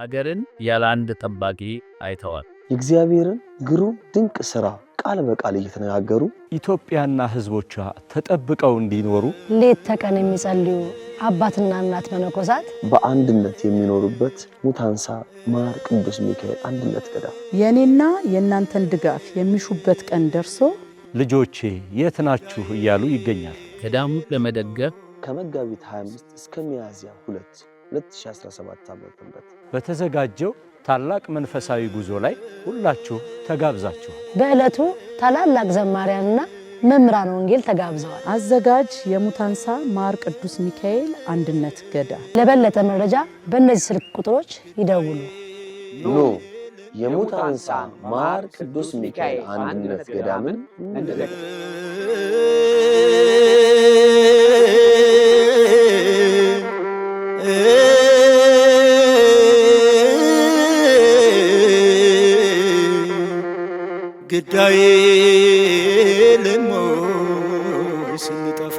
ሀገርን ያለ አንድ ጠባቂ አይተዋል። የእግዚአብሔርን ግሩም ድንቅ ስራ ቃል በቃል እየተነጋገሩ ኢትዮጵያና ሕዝቦቿ ተጠብቀው እንዲኖሩ ሌት ተቀን የሚጸልዩ አባትና እናት መነኮሳት በአንድነት የሚኖሩበት ሙታንሳ ማር ቅዱስ ሚካኤል አንድነት ገዳም የእኔና የእናንተን ድጋፍ የሚሹበት ቀን ደርሶ ልጆቼ የት ናችሁ እያሉ ይገኛል። ገዳሙ ለመደገፍ ከመጋቢት 25 እስከ ሚያዝያ ሁለት 2017 ዓ.ም በተዘጋጀው ታላቅ መንፈሳዊ ጉዞ ላይ ሁላችሁ ተጋብዛችሁ በዕለቱ ታላላቅ ዘማሪያንና መምህራን ወንጌል ተጋብዘዋል። አዘጋጅ የሙታንሳ ማር ቅዱስ ሚካኤል አንድነት ገዳ። ለበለጠ መረጃ በእነዚህ ስልክ ቁጥሮች ይደውሉ። ኑ የሙታንሳ ማር ቅዱስ ሚካኤል አንድነት ገዳምን እንደለ ግዳዬ ልሞ ስንጠፋ